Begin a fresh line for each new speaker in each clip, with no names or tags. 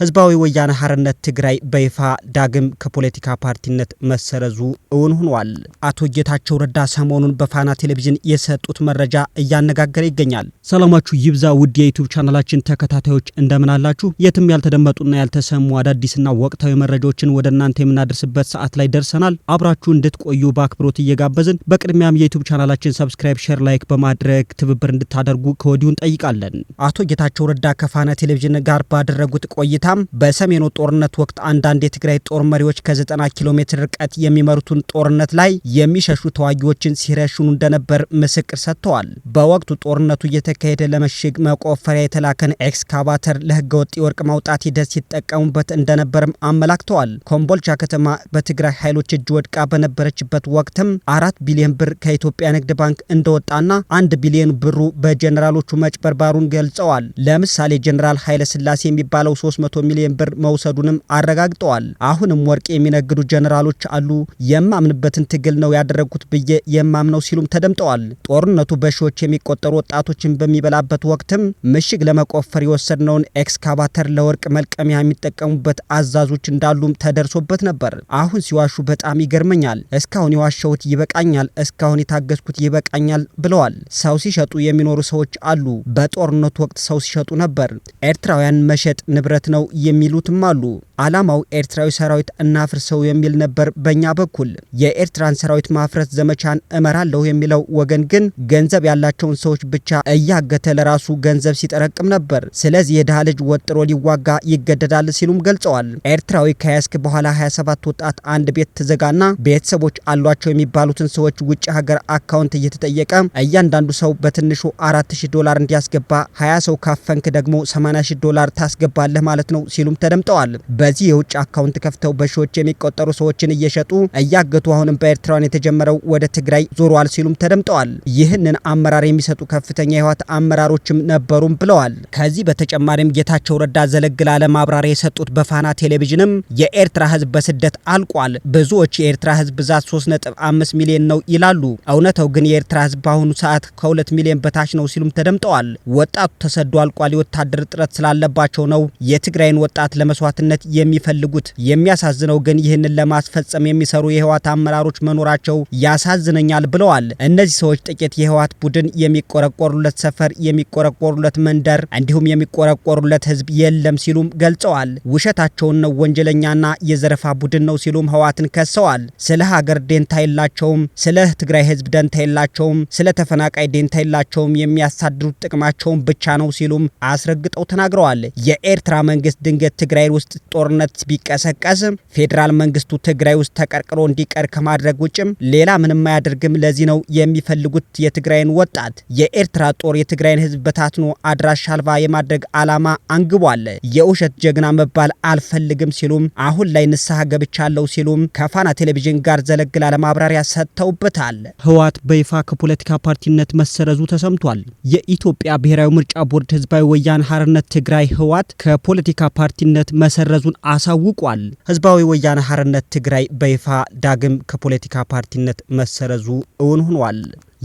ህዝባዊ ወያነ ሓርነት ትግራይ በይፋ ዳግም ከፖለቲካ ፓርቲነት መሰረዙ እውን ሆኗል። አቶ ጌታቸው ረዳ ሰሞኑን በፋና ቴሌቪዥን የሰጡት መረጃ እያነጋገረ ይገኛል። ሰላማችሁ ይብዛ ውድ የዩቱብ ቻናላችን ተከታታዮች እንደምን አላችሁ? የትም ያልተደመጡና ያልተሰሙ አዳዲስና ወቅታዊ መረጃዎችን ወደ እናንተ የምናደርስበት ሰዓት ላይ ደርሰናል። አብራችሁ እንድትቆዩ በአክብሮት እየጋበዝን በቅድሚያም የዩቱብ ቻናላችን ሰብስክራይብ፣ ሼር፣ ላይክ በማድረግ ትብብር እንድታደርጉ ከወዲሁ እንጠይቃለን። አቶ ጌታቸው ረዳ ከፋና ቴሌቪዥን ጋር ባደረጉት ቆይታ ሁኔታም በሰሜኑ ጦርነት ወቅት አንዳንድ የትግራይ ጦር መሪዎች ከ90 ኪሎ ሜትር ርቀት የሚመሩትን ጦርነት ላይ የሚሸሹ ተዋጊዎችን ሲረሽኑ እንደነበር ምስክር ሰጥተዋል። በወቅቱ ጦርነቱ እየተካሄደ ለመሽግ መቆፈሪያ የተላከን ኤክስካቫተር ለህገወጥ የወርቅ ማውጣት ሂደት ሲጠቀሙበት እንደነበርም አመላክተዋል። ኮምቦልቻ ከተማ በትግራይ ኃይሎች እጅ ወድቃ በነበረችበት ወቅትም አራት ቢሊዮን ብር ከኢትዮጵያ ንግድ ባንክ እንደወጣና አንድ ቢሊዮን ብሩ በጀኔራሎቹ መጭበርባሩን ገልጸዋል። ለምሳሌ ጀኔራል ኃይለ ስላሴ የሚባለው 300 መቶ ሚሊዮን ብር መውሰዱንም አረጋግጠዋል። አሁንም ወርቅ የሚነግዱ ጀነራሎች አሉ። የማምንበትን ትግል ነው ያደረግኩት ብዬ የማምነው ሲሉም ተደምጠዋል። ጦርነቱ በሺዎች የሚቆጠሩ ወጣቶችን በሚበላበት ወቅትም ምሽግ ለመቆፈር የወሰድነውን ኤክስካቫተር ለወርቅ መልቀሚያ የሚጠቀሙበት አዛዦች እንዳሉም ተደርሶበት ነበር። አሁን ሲዋሹ በጣም ይገርመኛል። እስካሁን የዋሸሁት ይበቃኛል፣ እስካሁን የታገስኩት ይበቃኛል ብለዋል። ሰው ሲሸጡ የሚኖሩ ሰዎች አሉ። በጦርነቱ ወቅት ሰው ሲሸጡ ነበር። ኤርትራውያን መሸጥ ንብረት ነው፣ የሚሉትም አሉ። አላማው ኤርትራዊ ሰራዊት እናፍርሰው የሚል ነበር። በእኛ በኩል የኤርትራን ሰራዊት ማፍረስ ዘመቻን እመራለሁ የሚለው ወገን ግን ገንዘብ ያላቸውን ሰዎች ብቻ እያገተ ለራሱ ገንዘብ ሲጠረቅም ነበር። ስለዚህ የድሃ ልጅ ወጥሮ ሊዋጋ ይገደዳል ሲሉም ገልጸዋል። ኤርትራዊ ከያስክ በኋላ 27 ወጣት አንድ ቤት ትዘጋና ቤተሰቦች አሏቸው የሚባሉትን ሰዎች ውጭ ሀገር አካውንት እየተጠየቀ እያንዳንዱ ሰው በትንሹ 4000 ዶላር እንዲያስገባ 20 ሰው ካፈንክ ደግሞ 80 ዶላር ታስገባለህ ማለት ነው ነው ሲሉም ተደምጠዋል። በዚህ የውጭ አካውንት ከፍተው በሺዎች የሚቆጠሩ ሰዎችን እየሸጡ እያገቱ አሁንም በኤርትራን የተጀመረው ወደ ትግራይ ዞሯል ሲሉም ተደምጠዋል። ይህንን አመራር የሚሰጡ ከፍተኛ የህወሓት አመራሮችም ነበሩም ብለዋል። ከዚህ በተጨማሪም ጌታቸው ረዳ ዘለግላ ለማብራሪያ የሰጡት በፋና ቴሌቪዥንም የኤርትራ ህዝብ በስደት አልቋል። ብዙዎች የኤርትራ ህዝብ ብዛት 3.5 ሚሊዮን ነው ይላሉ። እውነታው ግን የኤርትራ ህዝብ በአሁኑ ሰዓት ከ2 ሚሊዮን በታች ነው ሲሉም ተደምጠዋል። ወጣቱ ተሰዶ አልቋል። የወታደር እጥረት ስላለባቸው ነው የትግራይ የትግራይን ወጣት ለመስዋዕትነት የሚፈልጉት። የሚያሳዝነው ግን ይህንን ለማስፈጸም የሚሰሩ የህወሓት አመራሮች መኖራቸው ያሳዝነኛል ብለዋል። እነዚህ ሰዎች ጥቂት የህወሓት ቡድን የሚቆረቆሩለት ሰፈር፣ የሚቆረቆሩለት መንደር እንዲሁም የሚቆረቆሩለት ህዝብ የለም ሲሉም ገልጸዋል። ውሸታቸውን ነው፣ ወንጀለኛና የዘረፋ ቡድን ነው ሲሉም ህወሓትን ከሰዋል። ስለ ሀገር ደንታ የላቸውም፣ ስለ ትግራይ ህዝብ ደንታ የላቸውም፣ ስለ ተፈናቃይ ደንታ የላቸውም። የሚያሳድሩት ጥቅማቸውን ብቻ ነው ሲሉም አስረግጠው ተናግረዋል። የኤርትራ መንግስት ድንገት ትግራይ ውስጥ ጦርነት ቢቀሰቀስ ፌዴራል መንግስቱ ትግራይ ውስጥ ተቀርቅሮ እንዲቀር ከማድረግ ውጭም ሌላ ምንም አያደርግም። ለዚህ ነው የሚፈልጉት የትግራይን ወጣት። የኤርትራ ጦር የትግራይን ህዝብ በታትኖ አድራሽ አልባ የማድረግ አላማ አንግቧል። የውሸት ጀግና መባል አልፈልግም ሲሉም አሁን ላይ ንስሐ ገብቻለሁ ሲሉም ከፋና ቴሌቪዥን ጋር ዘለግላ ለማብራሪያ ሰጥተውበታል። ህወሓት በይፋ ከፖለቲካ ፓርቲነት መሰረዙ ተሰምቷል። የኢትዮጵያ ብሔራዊ ምርጫ ቦርድ ህዝባዊ ወያነ ሓርነት ትግራይ ህወሓት ከፖለቲካ ፓርቲነት መሰረዙን አሳውቋል። ህዝባዊ ወያነ ሓርነት ትግራይ በይፋ ዳግም ከፖለቲካ ፓርቲነት መሰረዙ እውን ሆኗል።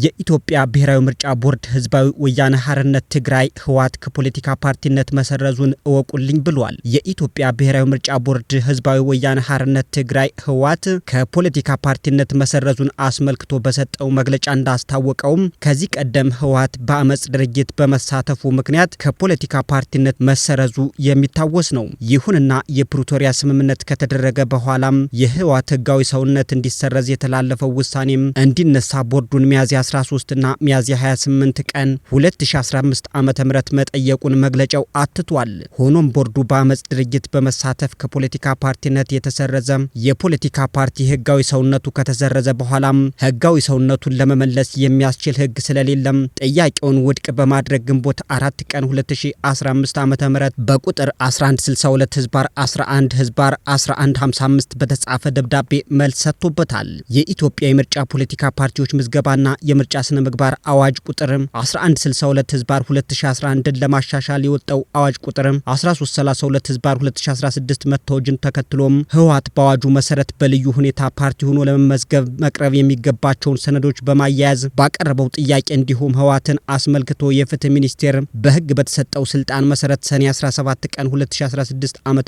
የኢትዮጵያ ብሔራዊ ምርጫ ቦርድ ህዝባዊ ወያነ ሀርነት ትግራይ ህወሓት ከፖለቲካ ፓርቲነት መሰረዙን እወቁልኝ ብሏል። የኢትዮጵያ ብሔራዊ ምርጫ ቦርድ ህዝባዊ ወያነ ሀርነት ትግራይ ህወሓት ከፖለቲካ ፓርቲነት መሰረዙን አስመልክቶ በሰጠው መግለጫ እንዳስታወቀውም ከዚህ ቀደም ህወሓት በአመፅ ድርጊት በመሳተፉ ምክንያት ከፖለቲካ ፓርቲነት መሰረዙ የሚታወስ ነው። ይሁንና የፕሪቶሪያ ስምምነት ከተደረገ በኋላም የህወሓት ህጋዊ ሰውነት እንዲሰረዝ የተላለፈው ውሳኔም እንዲነሳ ቦርዱን ሚያዝያ ሚያዝያ 13ና ሚያዝያ 28 ቀን 2015 ዓ ም መጠየቁን መግለጫው አትቷል። ሆኖም ቦርዱ በአመፅ ድርጅት በመሳተፍ ከፖለቲካ ፓርቲነት የተሰረዘ የፖለቲካ ፓርቲ ህጋዊ ሰውነቱ ከተሰረዘ በኋላም ህጋዊ ሰውነቱን ለመመለስ የሚያስችል ህግ ስለሌለም ጥያቄውን ውድቅ በማድረግ ግንቦት 4 ቀን 2015 ዓ ም በቁጥር 1162 ህዝባር 11 ህዝባር 1155 በተጻፈ ደብዳቤ መልስ ሰጥቶበታል። የኢትዮጵያ የምርጫ ፖለቲካ ፓርቲዎች ምዝገባና የምርጫ ስነ ምግባር አዋጅ ቁጥርም 1162 ህዝባር 2011ን ለማሻሻል የወጣው አዋጅ ቁጥርም 1332 ህዝባር 2016 መታወጅን ተከትሎም ህወሓት በአዋጁ መሰረት በልዩ ሁኔታ ፓርቲ ሆኖ ለመመዝገብ መቅረብ የሚገባቸውን ሰነዶች በማያያዝ ባቀረበው ጥያቄ እንዲሁም ህወሓትን አስመልክቶ የፍትህ ሚኒስቴር በህግ በተሰጠው ስልጣን መሰረት ሰኔ 17 ቀን 2016 ዓ.ም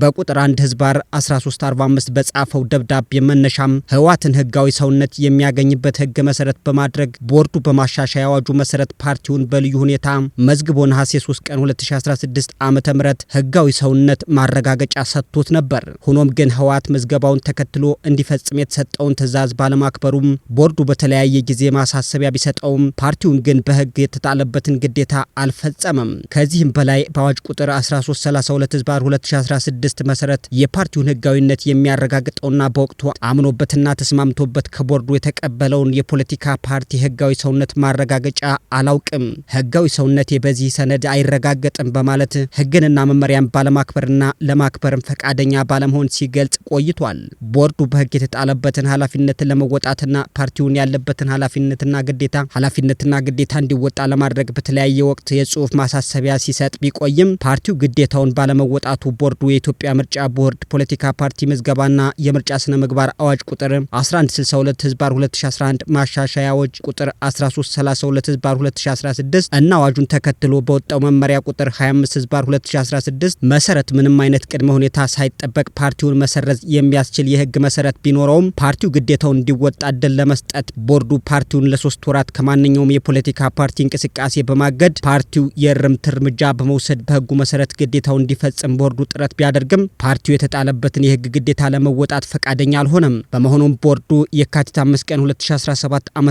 በቁጥር 1 ህዝባር 1345 በጻፈው ደብዳቤ መነሻም ህወሓትን ህጋዊ ሰውነት የሚያገኝበት ህግ መሰረት በ በማድረግ ቦርዱ በማሻሻያ አዋጁ መሰረት ፓርቲውን በልዩ ሁኔታ መዝግቦ ነሐሴ 3 ቀን 2016 ዓ ም ህጋዊ ሰውነት ማረጋገጫ ሰጥቶት ነበር። ሆኖም ግን ህወሓት መዝገባውን ተከትሎ እንዲፈጽም የተሰጠውን ትዕዛዝ ባለማክበሩም ቦርዱ በተለያየ ጊዜ ማሳሰቢያ ቢሰጠውም ፓርቲውን ግን በህግ የተጣለበትን ግዴታ አልፈጸመም። ከዚህም በላይ በአዋጅ ቁጥር 1332 ህዝባር 2016 መሰረት የፓርቲውን ህጋዊነት የሚያረጋግጠውና በወቅቱ አምኖበትና ተስማምቶበት ከቦርዱ የተቀበለውን የፖለቲካ ፓርቲ ህጋዊ ሰውነት ማረጋገጫ አላውቅም፣ ህጋዊ ሰውነቴ በዚህ ሰነድ አይረጋገጥም በማለት ህግንና መመሪያን ባለማክበርና ለማክበርም ፈቃደኛ ባለመሆን ሲገልጽ ቆይቷል። ቦርዱ በህግ የተጣለበትን ኃላፊነት ለመወጣትና ፓርቲውን ያለበትን ኃላፊነትና ግዴታ ኃላፊነትና ግዴታ እንዲወጣ ለማድረግ በተለያየ ወቅት የጽሁፍ ማሳሰቢያ ሲሰጥ ቢቆይም ፓርቲው ግዴታውን ባለመወጣቱ ቦርዱ የኢትዮጵያ ምርጫ ቦርድ ፖለቲካ ፓርቲ ምዝገባና የምርጫ ስነ ምግባር አዋጅ ቁጥር 1162 ህዝባር 2011 ማሻሻያ አዋጅ ቁጥር 1332 ህዝባር 2016 እና አዋጁን ተከትሎ በወጣው መመሪያ ቁጥር 25 ህዝባር 2016 መሰረት ምንም አይነት ቅድመ ሁኔታ ሳይጠበቅ ፓርቲውን መሰረዝ የሚያስችል የህግ መሰረት ቢኖረውም ፓርቲው ግዴታውን እንዲወጣ እድል ለመስጠት ቦርዱ ፓርቲውን ለሶስት ወራት ከማንኛውም የፖለቲካ ፓርቲ እንቅስቃሴ በማገድ ፓርቲው የእርምት እርምጃ በመውሰድ በህጉ መሰረት ግዴታው እንዲፈጽም ቦርዱ ጥረት ቢያደርግም ፓርቲው የተጣለበትን የህግ ግዴታ ለመወጣት ፈቃደኛ አልሆነም። በመሆኑም ቦርዱ የካቲት 5 ቀን 2017 ዓ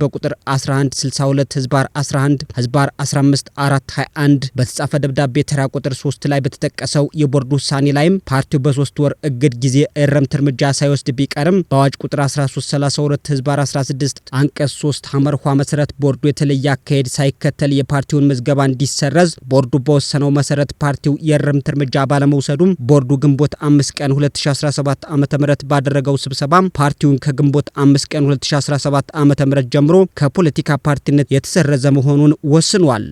በቁጥር 1162 ህዝባር 11 ህዝባር 15 421 በተጻፈ ደብዳቤ ተራ ቁጥር 3 ላይ በተጠቀሰው የቦርድ ውሳኔ ላይም ፓርቲው በሶስት ወር እግድ ጊዜ እረምት እርምጃ ሳይወስድ ቢቀርም በአዋጅ ቁጥር 1332 ህዝባር 16 አንቀጽ 3 ሐመርኋ መሰረት ቦርዱ የተለየ አካሄድ ሳይከተል የፓርቲውን ምዝገባ እንዲሰረዝ ቦርዱ በወሰነው መሰረት ፓርቲው የእረምት እርምጃ ባለመውሰዱም ቦርዱ ግንቦት 5 ቀን 2017 ዓ ም ባደረገው ስብሰባ ፓርቲውን ከግንቦት 5 ቀን 2017 ዓ ም ጀምሮ ከፖለቲካ ፓርቲነት የተሰረዘ መሆኑን ወስኗል።